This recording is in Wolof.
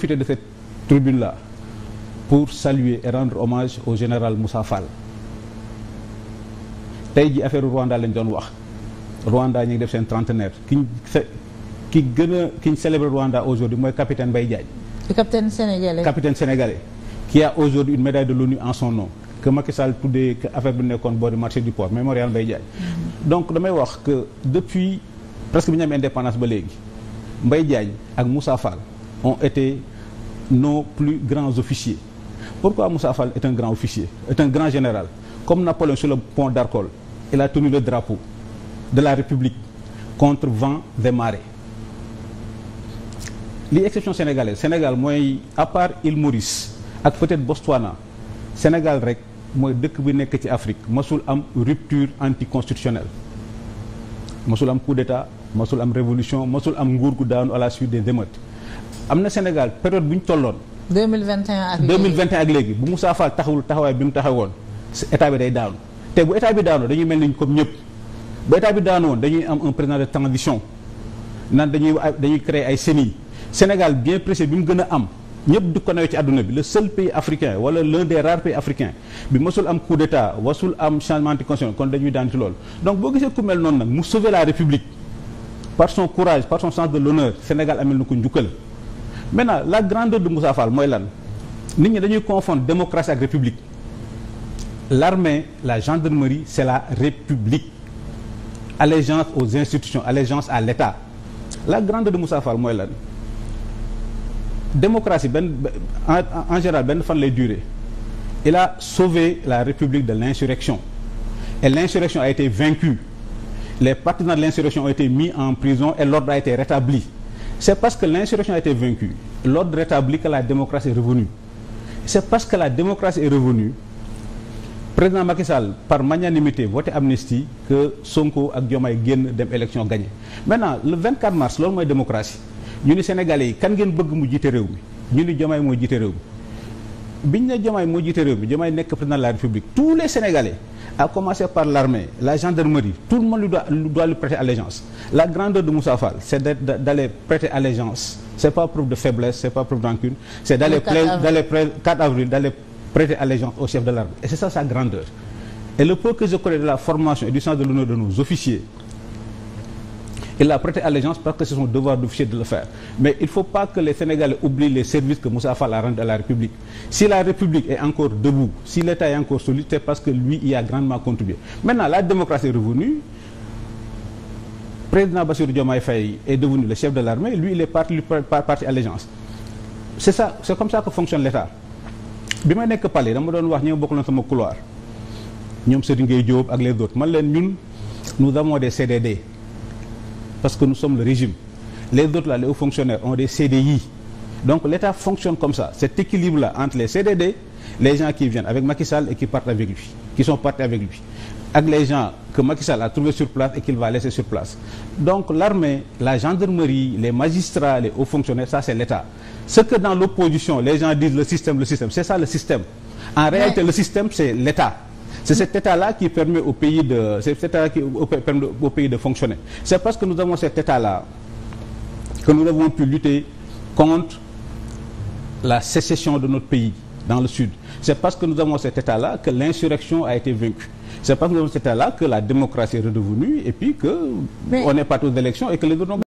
profiter de cette tribune-là pour saluer et rendre hommage au général Moussa Fall tey ji affaire Rwanda lañ doon wax Rwanda ñu ngi def seen trentenaire kiñ ki gën a ki ñu célèbre Rwanda aujourd'hui mooy capitaine Mbaye Diagne. le capitaine sénégalais capitaine sénégalais. qui a aujourd'hui une médaille de l'ONU en son nom que Macky Sall tuddee que affaire bi nekkoon boo di marché du port mémorial Mbaye Diagne. Mm-hmm. donc damay wax depuis presque bi ñu indépendance ba léegi Mbaye Diagne ak Moussa Fall. on été nos plus grands officiers pourquoi Moussa Fall est un grand officier est un grand général comme Napoléon sur le pont d'Arcole il a tenu le drapeau de la République contre vents et marées li exception sénégalaise Sénégal mooy à part il Maurice ak peut-être Botswana Sénégal rek mooy dëkk bi nekk ci Afrique masul am rupture anticonstitutionnelle masul am coup d'état masul am révolution masul am nguur gu daanu à la suite des émeutes am na Sénégal période bu ñu tolloon. 2021 ak léegi 2021 ak léegi bu Moussa Fall taxawul taxawaay bi mu taxawoon état bi day daanu te bu état bi dañuy mel ni comme ñëpp bu bi daanu woon dañuy am un président de transition naan dañuy dañuy créer ay CENI Sénégal bien pressé bi mu gën a am. ñëpp di ko nawee ci àdduna bi le seul pays africain wala l'un des rares pays africains bi mosul am coup d'état wasul am changement de constitution kon dañuy daan ci loolu donc boo gisee ku mel noonu nag mu sauver la république par par son sens de l'honneur Sénégal amel na ko njukkal maintenant la grandeur de Moussa Fall mooy lan nit ñi dañuy confondre démocratie ak république l'armée la gendarmerie c'est la république allégeance aux institutions allégeance à l'État la grandeur de Moussa Fall mooy lan démocratie benn en, en général benn fan les durer il a sauvé la république de l'insurrection et l'insurrection a été vaincue les partisans de l'insurrection ont été mis en prison et l'ordre a été rétabli C'est parce que l'insurrection a été vaincue, l'ordre rétabli que la démocratie est revenue. C'est parce que la démocratie est revenue, président Macky Sall par magnanimité voté amnistie que Sonko ak Diomaye génn dem élection gagné. Maintenant le 24 mars loolu mooy démocratie ñu ni Sénégalais yi kan ngeen bëgg mu jiite réew mi ñu ni Diomaye mooy jiite réew mi. biñ ne Diomaye moo jiite réew mi Diomaye nekk président de la République tous les Sénégalais à commencer par l'armée la gendarmerie tout le monde lui doit lui doit lui prêter allégeance la grandeur de Moussa Fall c'est d'aller prêter allégeance c'est pas preuve de faiblesse c'est pas preuve de c'est d'aller d'aller 4 avril d'aller prêter allégeance au chef de l'armée et c'est ça sa grandeur et le peu que je connais de la formation et du sens de l'honneur de nos il a prêté allégeance parce que c'est son devoir d'officier de le faire mais il faut pas que les Sénégalais oublient les services que Moussa a rendu à la République si la République est encore debout si l'État est encore solide c'est parce que lui y a grandement contribué maintenant la démocratie est revenue président Bassirou Diomaye Faye est devenu le chef de l'armée lui il est parti par parti allégeance c'est ça c'est comme ça que fonctionne l'État bi ma nekk palais dama doon wax ñi ma bokkaloon sama couloir ñoom Serigne Gueye Diop ak les autres man leen ñun nous avons des CDD parce que nous sommes le régime les autres là les hauts fonctionnaires ont des CDI donc l'État fonctionne comme ça cet équilibre là entre les CDD les gens qui viennent avec Macky Sall et qui partent avec lui qui sont partis avec lui ak gens que Macky a trouvé sur place et qu'il va laisser sur place donc l'armée la gendarmerie les magistrats les hauts fonctionnaires ça c'est l'État ce que dans l'opposition les gens disent le système le système c'est ça le C'est cet état-là qui permet au pays de c'est cet état-là qui permet au pays de fonctionner. C'est parce que nous avons cet état-là que nous avons pu lutter contre la sécession de notre pays dans le sud. C'est parce que nous avons cet état-là que l'insurrection a été vaincue. C'est parce que nous avons cet état-là que la démocratie est redevenue et que Mais... n'est pas aux élections et que les autres